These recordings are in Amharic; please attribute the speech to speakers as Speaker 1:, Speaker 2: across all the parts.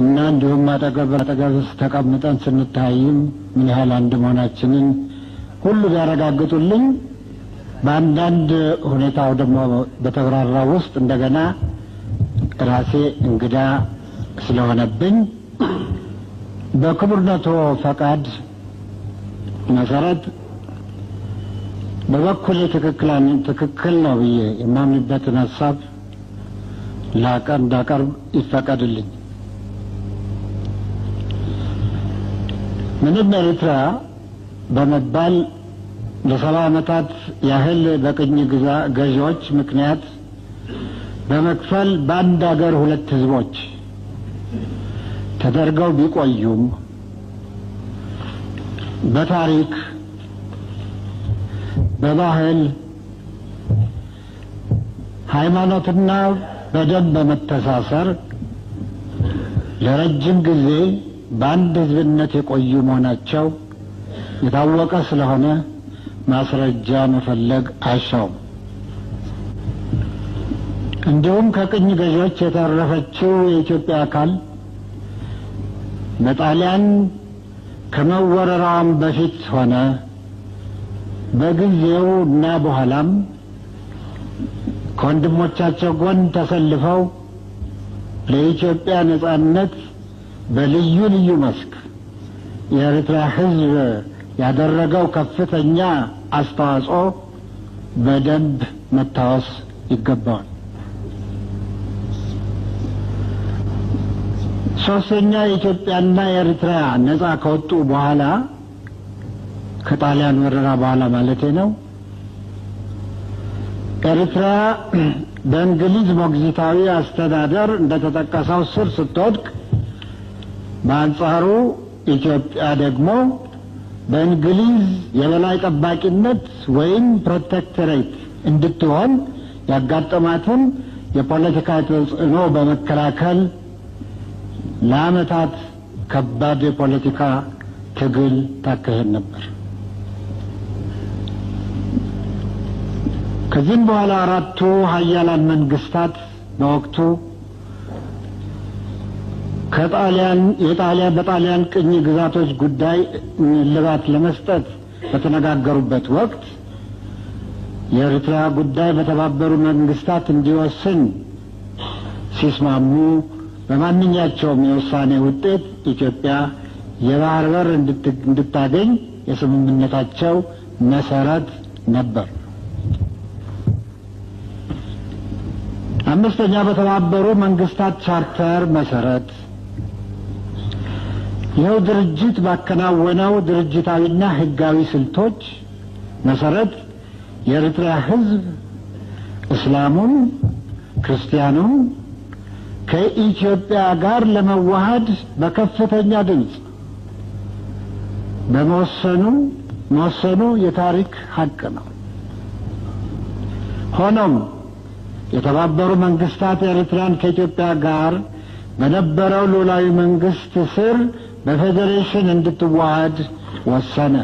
Speaker 1: እና እንዲሁም አጠገብ አጠገብ ተቀምጠን ስንታይም ምን ያህል አንድ መሆናችንን ሁሉ ቢያረጋግጡልኝ፣ በአንዳንድ ሁኔታው ደግሞ በተብራራ ውስጥ እንደገና ራሴ እንግዳ ስለሆነብኝ በክቡርነቶ ፈቃድ መሰረት በበኩሌ ትክክል ነው ብዬ የማምንበትን ሀሳብ እንዳቀርብ ይፈቀድልኝ። ምንም ኤርትራ በመባል ለሰባ ዓመታት ያህል በቅኝ ግዛ ገዢዎች ምክንያት በመክፈል በአንድ አገር ሁለት ህዝቦች ተደርገው ቢቆዩም በታሪክ በባህል ሃይማኖትና በደም በመተሳሰር ለረጅም ጊዜ በአንድ ህዝብነት የቆዩ መሆናቸው የታወቀ ስለሆነ ማስረጃ መፈለግ አይሻውም። እንዲሁም ከቅኝ ገዢዎች የተረፈችው የኢትዮጵያ አካል በጣሊያን ከመወረራዋም በፊት ሆነ በጊዜው እና በኋላም ከወንድሞቻቸው ጎን ተሰልፈው ለኢትዮጵያ ነጻነት በልዩ ልዩ መስክ የኤርትራ ህዝብ ያደረገው ከፍተኛ አስተዋጽኦ በደንብ መታወስ ይገባዋል። ሶስተኛ የኢትዮጵያና የኤርትራ ነጻ ከወጡ በኋላ ከጣሊያን ወረራ በኋላ ማለቴ ነው። ኤርትራ በእንግሊዝ ሞግዚታዊ አስተዳደር እንደተጠቀሰው ስር ስትወድቅ በአንጻሩ ኢትዮጵያ ደግሞ በእንግሊዝ የበላይ ጠባቂነት ወይም ፕሮቴክተሬት እንድትሆን ያጋጠማትን የፖለቲካ ተጽዕኖ በመከላከል ለዓመታት ከባድ የፖለቲካ ትግል ታካሄድ ነበር። ከዚህም በኋላ አራቱ ሀያላን መንግስታት በወቅቱ ከጣሊያን የጣሊያን በጣሊያን ቅኝ ግዛቶች ጉዳይ ልባት ለመስጠት በተነጋገሩበት ወቅት የኤርትራ ጉዳይ በተባበሩ መንግስታት እንዲወስን ሲስማሙ በማንኛቸውም የውሳኔ ውጤት ኢትዮጵያ የባህር በር እንድታገኝ የስምምነታቸው መሰረት ነበር። አምስተኛ በተባበሩ መንግስታት ቻርተር መሰረት ይኸው ድርጅት ባከናወነው ድርጅታዊና ህጋዊ ስልቶች መሰረት የኤርትራ ህዝብ እስላሙም ክርስቲያኑም ከኢትዮጵያ ጋር ለመዋሃድ በከፍተኛ ድምፅ በመወሰኑ መወሰኑ የታሪክ ሀቅ ነው። ሆኖም የተባበሩ መንግስታት ኤርትራን ከኢትዮጵያ ጋር በነበረው ሉላዊ መንግስት ስር በፌዴሬሽን እንድትዋሃድ ወሰነ።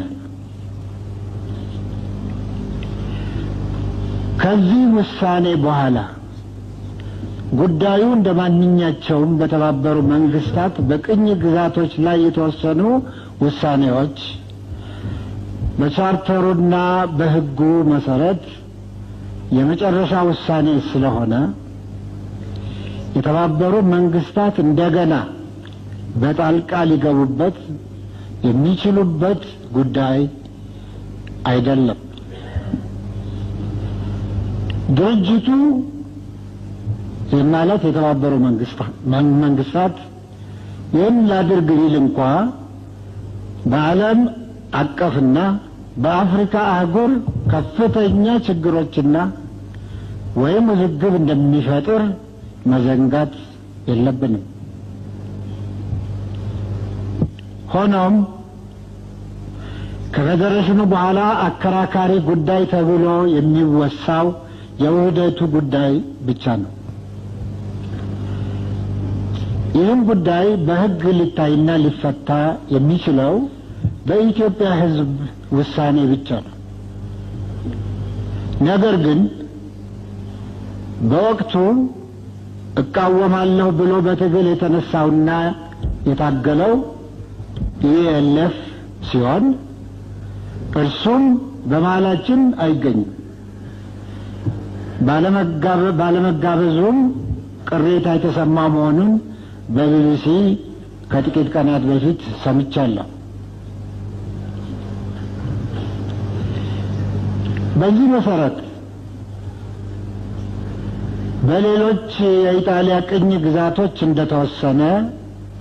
Speaker 1: ከዚህ ውሳኔ በኋላ ጉዳዩ እንደ ማንኛቸውም በተባበሩ መንግስታት በቅኝ ግዛቶች ላይ የተወሰኑ ውሳኔዎች በቻርተሩና በሕጉ መሰረት የመጨረሻ ውሳኔ ስለሆነ የተባበሩ መንግስታት እንደገና በጣልቃ ሊገቡበት የሚችሉበት ጉዳይ አይደለም። ድርጅቱ ማለት የተባበሩ መንግስታት ይህን ላድርግ ሊል እንኳ በዓለም አቀፍና በአፍሪካ አህጉር ከፍተኛ ችግሮችና ወይም ውዝግብ እንደሚፈጥር መዘንጋት የለብንም። ሆኖም ከፌዴሬሽኑ በኋላ አከራካሪ ጉዳይ ተብሎ የሚወሳው የውህደቱ ጉዳይ ብቻ ነው። ይህም ጉዳይ በሕግ ሊታይና ሊፈታ የሚችለው በኢትዮጵያ ሕዝብ ውሳኔ ብቻ ነው። ነገር ግን በወቅቱ እቃወማለሁ ብሎ በትግል የተነሳውና የታገለው ይለፍ ሲሆን እርሱም በመሀላችን አይገኝም። ባለመጋበዙም ቅሬታ የተሰማ መሆኑን በቢቢሲ ከጥቂት ቀናት በፊት ሰምቻለሁ። በዚህ መሰረት በሌሎች የኢጣሊያ ቅኝ ግዛቶች እንደተወሰነ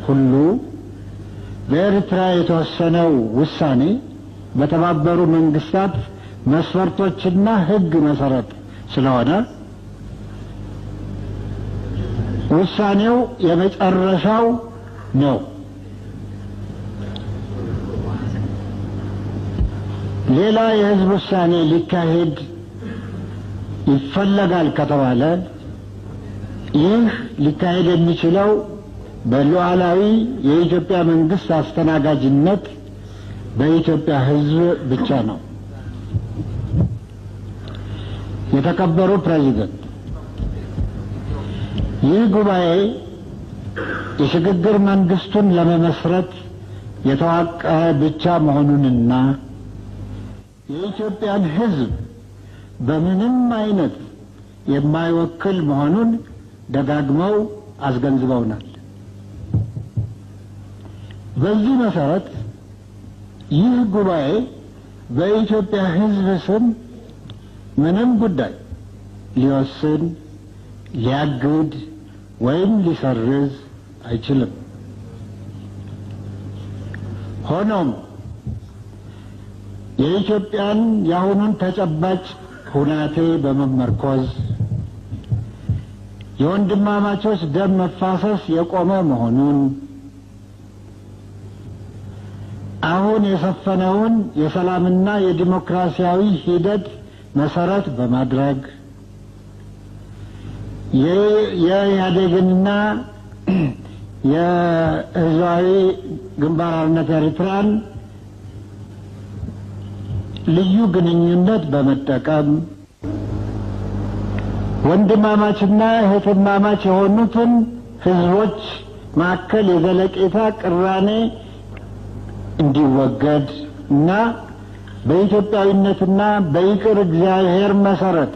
Speaker 1: ሁሉ በኤርትራ የተወሰነው ውሳኔ በተባበሩ መንግስታት መስፈርቶችና ህግ መሰረት ስለሆነ ውሳኔው የመጨረሻው ነው። ሌላ የህዝብ ውሳኔ ሊካሄድ ይፈለጋል ከተባለ ይህ ሊካሄድ የሚችለው በሉዓላዊ የኢትዮጵያ መንግስት አስተናጋጅነት በኢትዮጵያ ሕዝብ ብቻ ነው። የተከበሩ ፕሬዚደንት፣ ይህ ጉባኤ የሽግግር መንግስቱን ለመመስረት የተዋቀረ ብቻ መሆኑንና የኢትዮጵያን ሕዝብ በምንም አይነት የማይወክል መሆኑን ደጋግመው አስገንዝበውናል። በዚህ መሰረት ይህ ጉባኤ በኢትዮጵያ ሕዝብ ስም ምንም ጉዳይ ሊወስን ሊያግድ ወይም ሊሰርዝ አይችልም። ሆኖም የኢትዮጵያን የአሁኑን ተጨባጭ ሁናቴ በመመርኮዝ የወንድማማቾች ደም መፋሰስ የቆመ መሆኑን አሁን የሰፈነውን የሰላምና የዲሞክራሲያዊ ሂደት መሰረት በማድረግ የኢህአዴግንና የህዝባዊ ግንባር ሓርነት ኤርትራን ልዩ ግንኙነት በመጠቀም ወንድማማችና እህትማማች የሆኑትን ህዝቦች መካከል የዘለቄታ ቅራኔ እንዲወገድ እና በኢትዮጵያዊነትና በይቅር እግዚአብሔር መሰረት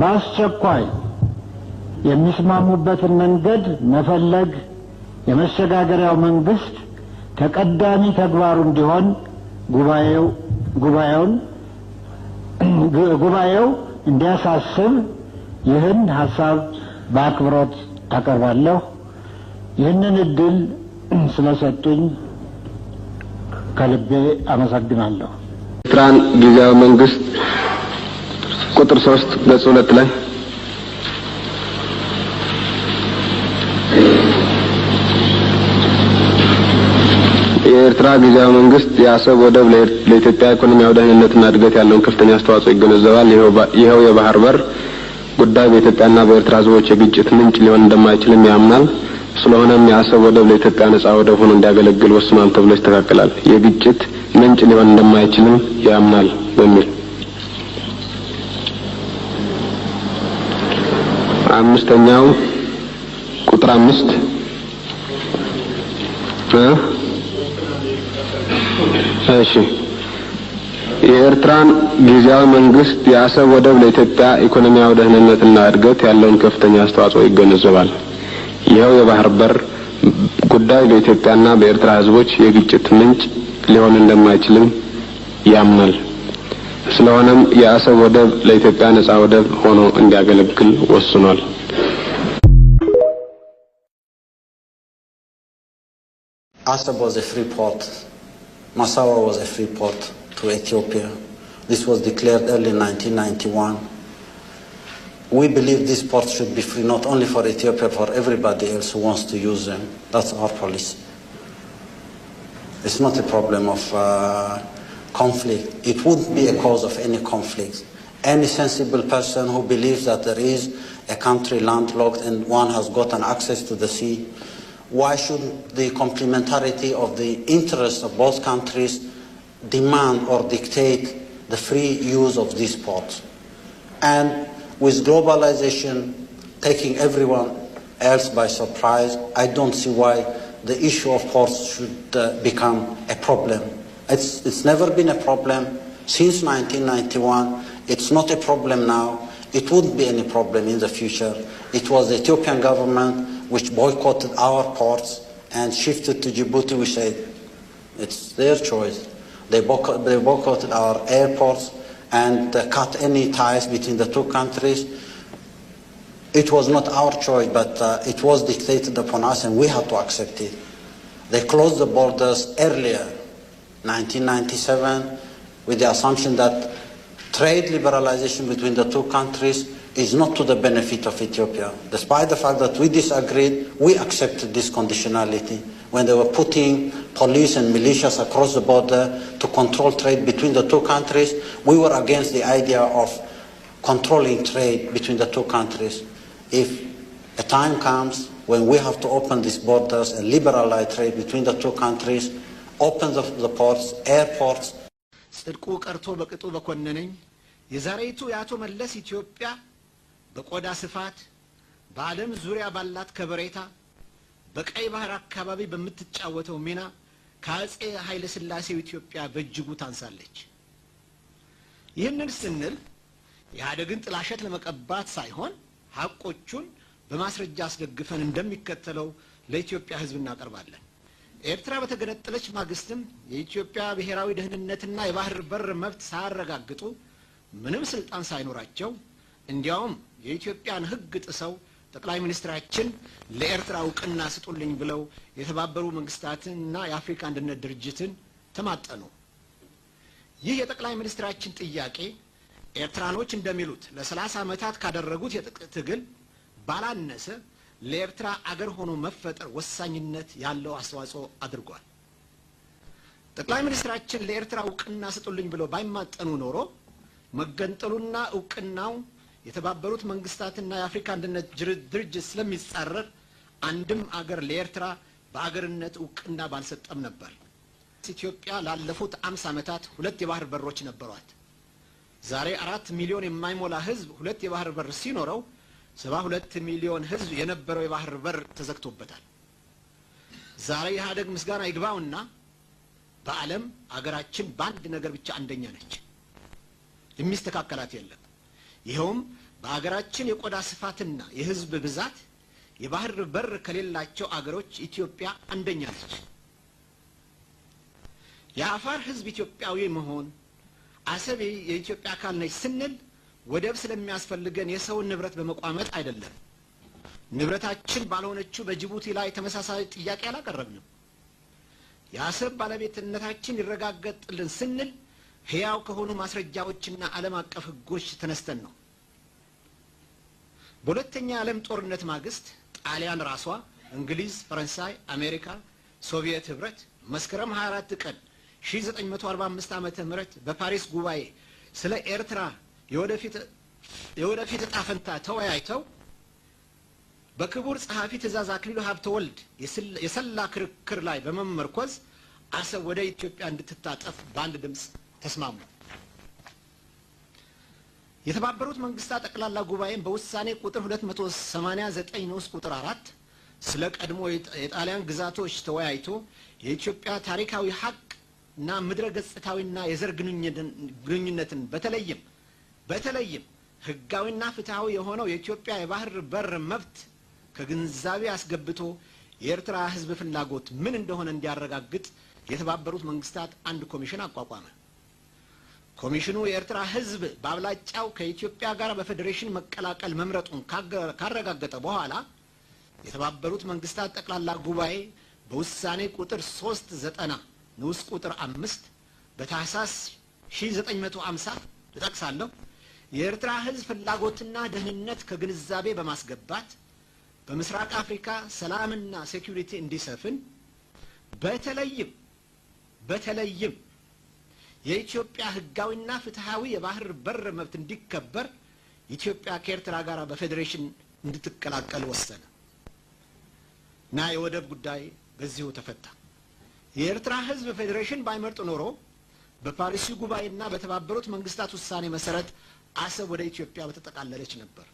Speaker 1: በአስቸኳይ የሚስማሙበትን መንገድ መፈለግ የመሸጋገሪያው መንግስት ተቀዳሚ ተግባሩ እንዲሆን ጉባኤው ጉባኤውን ጉባኤው እንዲያሳስብ ይህን ሀሳብ በአክብሮት ታቀርባለሁ። ይህንን እድል ስለሰጡኝ ከልቤ አመሰግናለሁ።
Speaker 2: ኤርትራን ጊዜያዊ መንግስት ቁጥር ሶስት ገጽ ሁለት ላይ የኤርትራ ጊዜያዊ መንግስት የአሰብ ወደብ ለኢትዮጵያ ኢኮኖሚያዊ ደህንነትና እድገት ያለውን ከፍተኛ አስተዋጽኦ ይገነዘባል። ይኸው የባህር በር ጉዳይ በኢትዮጵያና በኤርትራ ህዝቦች የግጭት ምንጭ ሊሆን እንደማይችልም ያምናል። ስለሆነም የአሰብ ወደብ ለኢትዮጵያ ነጻ ወደብ ሆኖ እንዲያገለግል ወስኗል ተብሎ ይስተካከላል። የግጭት ምንጭ ሊሆን እንደማይችልም ያምናል በሚል አምስተኛው ቁጥር አምስት እሺ የኤርትራን ጊዜያዊ መንግስት የአሰብ ወደብ ለኢትዮጵያ ኢኮኖሚያዊ ደህንነትና እድገት ያለውን ከፍተኛ አስተዋጽኦ ይገነዘባል። ይኸው የባህር በር ጉዳይ በኢትዮጵያና በኤርትራ ህዝቦች የግጭት ምንጭ ሊሆን እንደማይችልም ያምናል። ስለሆነም የአሰብ ወደብ ለኢትዮጵያ ነጻ ወደብ ሆኖ እንዲያገለግል ወስኗል።
Speaker 3: አሰብ was a free port. Massawa 1991. We believe these ports should be free not only for Ethiopia, for everybody else who wants to use them. That's our policy. It's not a problem of uh, conflict. It wouldn't be a cause of any conflict. Any sensible person who believes that there is a country landlocked and one has gotten access to the sea, why should the complementarity of the interests of both countries demand or dictate the free use of these ports? And with globalization taking everyone else by surprise, I don't see why the issue of ports should uh, become a problem. It's, it's never been a problem since 1991. It's not a problem now. It wouldn't be any problem in the future. It was the Ethiopian government which boycotted our ports and shifted to Djibouti, We said it's their choice. they boycotted our airports and uh, cut any ties between the two countries. It was not our choice, but uh, it was dictated upon us and we had to accept it. They closed the borders earlier, 1997, with the assumption that trade liberalization between the two countries is not to the benefit of Ethiopia. Despite the fact that we disagreed, we accepted this conditionality when they were putting police and militias across the border to control trade between the two countries. We were against the idea of controlling trade between the two countries. If a time comes when we have to open these borders and liberalize trade between the two countries, open the, the ports, airports.
Speaker 4: የአቶ መለስ ኢትዮጵያ በቆዳ ስፋት በዓለም ዙሪያ ባላት ከበሬታ በቀይ ባህር አካባቢ በምትጫወተው ሚና ከአጼ ኃይለ ስላሴው ኢትዮጵያ በእጅጉ ታንሳለች። ይህንን ስንል የአደግን ጥላሸት ለመቀባት ሳይሆን ሀቆቹን በማስረጃ አስደግፈን እንደሚከተለው ለኢትዮጵያ ሕዝብ እናቀርባለን። ኤርትራ በተገነጠለች ማግስትም የኢትዮጵያ ብሔራዊ ደህንነትና የባህር በር መብት ሳያረጋግጡ ምንም ስልጣን ሳይኖራቸው እንዲያውም የኢትዮጵያን ሕግ ጥሰው ጠቅላይ ሚኒስትራችን ለኤርትራ እውቅና ስጡልኝ ብለው የተባበሩ መንግስታትንና የአፍሪካ አንድነት ድርጅትን ተማጠኑ። ይህ የጠቅላይ ሚኒስትራችን ጥያቄ ኤርትራኖች እንደሚሉት ለሰላሳ ዓመታት ካደረጉት ትግል ባላነሰ ለኤርትራ አገር ሆኖ መፈጠር ወሳኝነት ያለው አስተዋጽኦ አድርጓል። ጠቅላይ ሚኒስትራችን ለኤርትራ እውቅና ስጡልኝ ብለው ባይማጠኑ ኖሮ መገንጠሉና እውቅናው የተባበሩት መንግስታትና የአፍሪካ አንድነት ድርጅት ስለሚጻረር አንድም አገር ለኤርትራ በአገርነት እውቅና ባልሰጠም ነበር። ኢትዮጵያ ላለፉት አምስት ዓመታት ሁለት የባህር በሮች ነበሯት። ዛሬ አራት ሚሊዮን የማይሞላ ህዝብ ሁለት የባህር በር ሲኖረው ሰባ ሁለት ሚሊዮን ህዝብ የነበረው የባህር በር ተዘግቶበታል። ዛሬ ኢህአደግ ምስጋና ይግባውና በዓለም አገራችን በአንድ ነገር ብቻ አንደኛ ነች። የሚስተካከላት የለም። ይኸውም በአገራችን የቆዳ ስፋትና የህዝብ ብዛት የባህር በር ከሌላቸው አገሮች ኢትዮጵያ አንደኛ ነች። የአፋር ህዝብ ኢትዮጵያዊ መሆን አሰብ የኢትዮጵያ አካል ነች ስንል ወደብ ስለሚያስፈልገን የሰውን ንብረት በመቋመጥ አይደለም። ንብረታችን ባልሆነችው በጅቡቲ ላይ ተመሳሳይ ጥያቄ አላቀረብንም። የአሰብ ባለቤትነታችን ይረጋገጥልን ስንል ሕያው ከሆኑ ማስረጃዎችና ዓለም አቀፍ ሕጎች ተነስተን ነው። በሁለተኛ የዓለም ጦርነት ማግስት ጣሊያን ራሷ፣ እንግሊዝ፣ ፈረንሳይ፣ አሜሪካ፣ ሶቪየት ህብረት መስከረም 24 ቀን 1945 ዓ ም በፓሪስ ጉባኤ ስለ ኤርትራ የወደፊት እጣ ፈንታ ተወያይተው በክቡር ጸሐፊ ትእዛዝ አክሊሉ ሀብተ ወልድ የሰላ ክርክር ላይ በመመርኮዝ አሰብ ወደ ኢትዮጵያ እንድትታጠፍ በአንድ ድምፅ ተስማሙ። የተባበሩት መንግስታት ጠቅላላ ጉባኤም በውሳኔ ቁጥር 289 ንዑስ ቁጥር 4 ስለ ቀድሞ የጣሊያን ግዛቶች ተወያይቶ የኢትዮጵያ ታሪካዊ ሀቅ እና ምድረ ገጽታዊና የዘር ግንኙነትን በተለይም በተለይም ህጋዊና ፍትሐዊ የሆነው የኢትዮጵያ የባህር በር መብት ከግንዛቤ አስገብቶ የኤርትራ ህዝብ ፍላጎት ምን እንደሆነ እንዲያረጋግጥ የተባበሩት መንግስታት አንድ ኮሚሽን አቋቋመ። ኮሚሽኑ የኤርትራ ህዝብ በአብላጫው ከኢትዮጵያ ጋር በፌዴሬሽን መቀላቀል መምረጡን ካረጋገጠ በኋላ የተባበሩት መንግስታት ጠቅላላ ጉባኤ በውሳኔ ቁጥር 390 ንዑስ ቁጥር 5 በታህሳስ 1950 ልጠቅሳለሁ የኤርትራ ህዝብ ፍላጎትና ደህንነት ከግንዛቤ በማስገባት በምስራቅ አፍሪካ ሰላምና ሴኩሪቲ እንዲሰፍን በተለይም በተለይም የኢትዮጵያ ህጋዊና ፍትሐዊ የባህር በር መብት እንዲከበር ኢትዮጵያ ከኤርትራ ጋር በፌዴሬሽን እንድትቀላቀል ወሰነ እና የወደብ ጉዳይ በዚሁ ተፈታ። የኤርትራ ህዝብ ፌዴሬሽን ባይመርጥ ኖሮ በፓሪሲ ጉባኤና በተባበሩት መንግስታት ውሳኔ መሰረት አሰብ ወደ ኢትዮጵያ በተጠቃለለች ነበር።